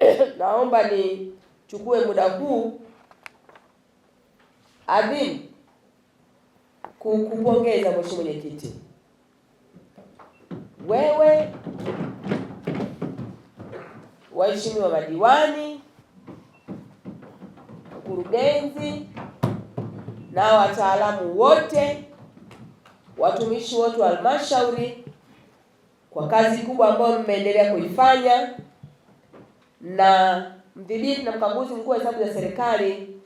naomba nichukue muda huu adhimu kukupongeza mheshimiwa mwenyekiti, wewe, waheshimiwa madiwani, mkurugenzi na wataalamu wote, watumishi wote wa halmashauri kwa kazi kubwa ambayo mmeendelea kuifanya na mdhibiti na mkaguzi mkuu wa hesabu za serikali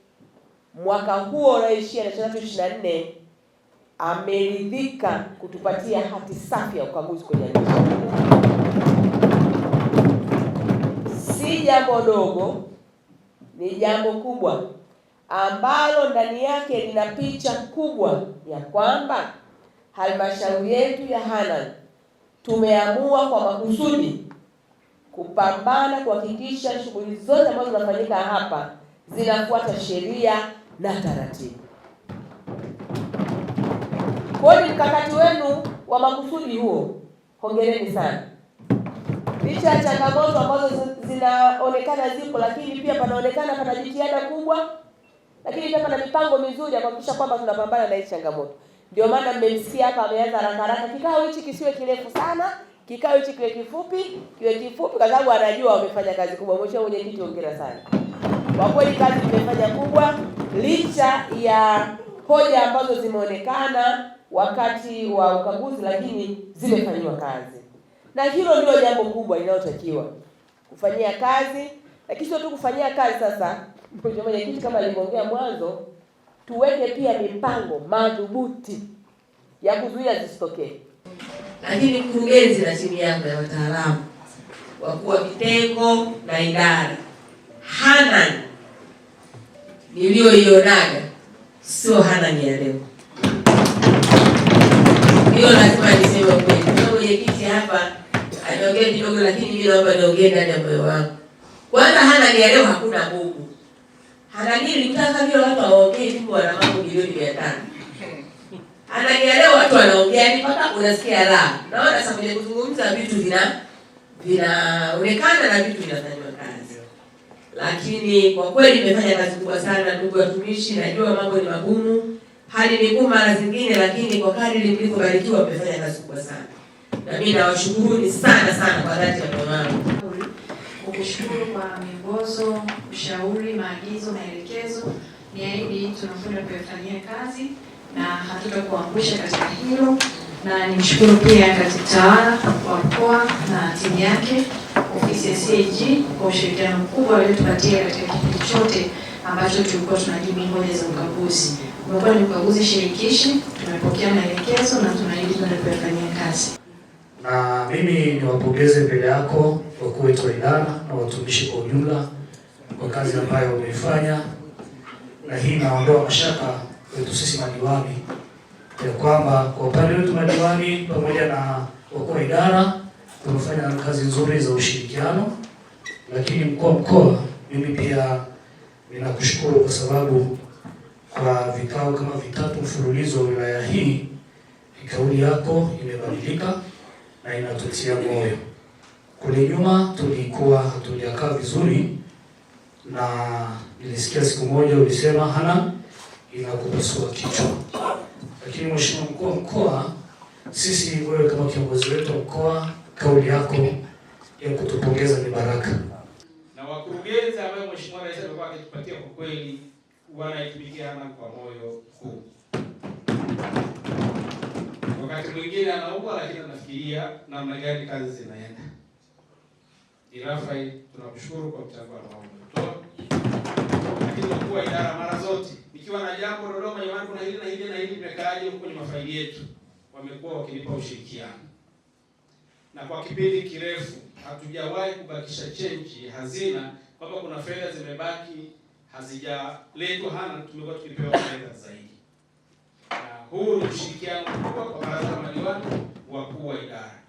mwaka huo unaoishia na ishirini na nne ameridhika kutupatia hati safi ya ukaguzi kwenye nchi. Si jambo dogo, ni jambo kubwa ambalo ndani yake lina picha kubwa ya kwamba halmashauri yetu ya Hanang tumeamua kwa makusudi kupambana kuhakikisha shughuli zote ambazo zinafanyika hapa zinafuata sheria na taratibu. Kwa hiyo ni mkakati wenu wa makusudi huo, hongereni sana. Licha ya changamoto ambazo zinaonekana zipo, lakini pia panaonekana pana jitihada kubwa, lakini pia pana mipango mizuri ya kuhakikisha kwamba tunapambana na hii changamoto. Ndio maana mmemsikia hapa ameanza haraka haraka, kikao hichi kisiwe kirefu sana. Kikao hichi kiwe kifupi, kiwe kifupi kwa sababu anajua wamefanya kazi kubwa. Mheshimiwa Mwenyekiti, hongera sana kwa kweli, kazi imefanya kubwa licha ya hoja ambazo zimeonekana wakati wa ukaguzi, lakini zimefanyiwa kazi, na hilo ndio jambo kubwa linalotakiwa kufanyia kazi, lakini sio tu kufanyia kazi. Sasa Mheshimiwa Mwenyekiti, kama alivyoongea mwanzo, tuweke pia mipango madhubuti ya kuzuia zisitokee lakini mkurugenzi na timu yangu ya wataalamu, wakuu wa vitengo na idara, hana niliyoionaga sio Hanani ya leo. Hiyo lazima niseme kweli. Mwenyekiti hapa aniongee kidogo, lakini mimi naomba niongee ndani ya moyo wangu. Kwanza Hanani ya leo hakuna Mungu. Hanani nilimtaka vile watu waongee tu, wana mambo milioni mia tano ananielewa watu wanaongea ni mpaka unasikia raha. Naona sasa kwenye kuzungumza vitu vina vinaonekana na vitu vinafanywa kazi, lakini kwa kweli nimefanya kazi kubwa sana, ndugu watumishi. Najua mambo ni magumu, hali ni ngumu mara zingine, lakini kwa kadri mlivyobarikiwa mmefanya kazi kubwa sana, na mimi nawashukuruni sana sana kwa dhati ya moyo wangu. Kukushukuru kwa miongozo, ushauri, maagizo, maelekezo. Niahidi tunakwenda kuyafanyia kazi na hatutakuangusha katika hilo, na nimshukuru pia katibu tawala wa mkoa na timu yake, ofisi ya CAG kwa ushirikiano mkubwa waliotupatia katika kipindi chote ambacho tulikuwa tunajibu hoja za ukaguzi. Umekuwa ni ukaguzi shirikishi, tumepokea maelekezo na tunaahidi kwenda kuyafanyia kazi. Na mimi niwapongeze mbele yako wakuu wetu wa idara na watumishi kwa ujumla kwa kazi ambayo wameifanya, na hii inaondoa mashaka wetu sisi madiwani ya kwamba kwa upande wetu madiwani pamoja na wakuu wa idara tumefanya kazi nzuri za ushirikiano, lakini mkuu wa mkoa, mimi pia ninakushukuru kwa sababu kwa vikao kama vitatu mfululizo wilaya hii kauli yako imebadilika na inatutia moyo. Kule nyuma tulikuwa hatujakaa vizuri, na nilisikia siku moja ulisema hana inakupasua kichwa. Lakini mheshimiwa mkuu wa mkoa, sisi wewe kama kiongozi wetu wa mkoa, kauli yako ya kutupongeza ni baraka, na wakurugenzi ambayo mheshimiwa rais alikuwa akitupatia kwa kweli wanaitumikia amani kwa moyo mkuu. Wakati mwingine anaumwa, lakini anafikiria namna gani kazi zinaenda. Irafai tunamshukuru kwa mchango ambao umetoa, lakini kwa idara mara zote tukiwa na jambo Dodoma, jamani, kuna hili na hili na hili, tumekaaje huko kwenye mafaili yetu. Wamekuwa wakinipa ushirikiano, na kwa kipindi kirefu hatujawahi kubakisha chenji hazina, kwamba kuna fedha zimebaki hazijaletwa, hana tumekuwa tukipewa fedha zaidi, na huu ni ushirikiano mkubwa kwa baraza la madiwani, wakuu wa idara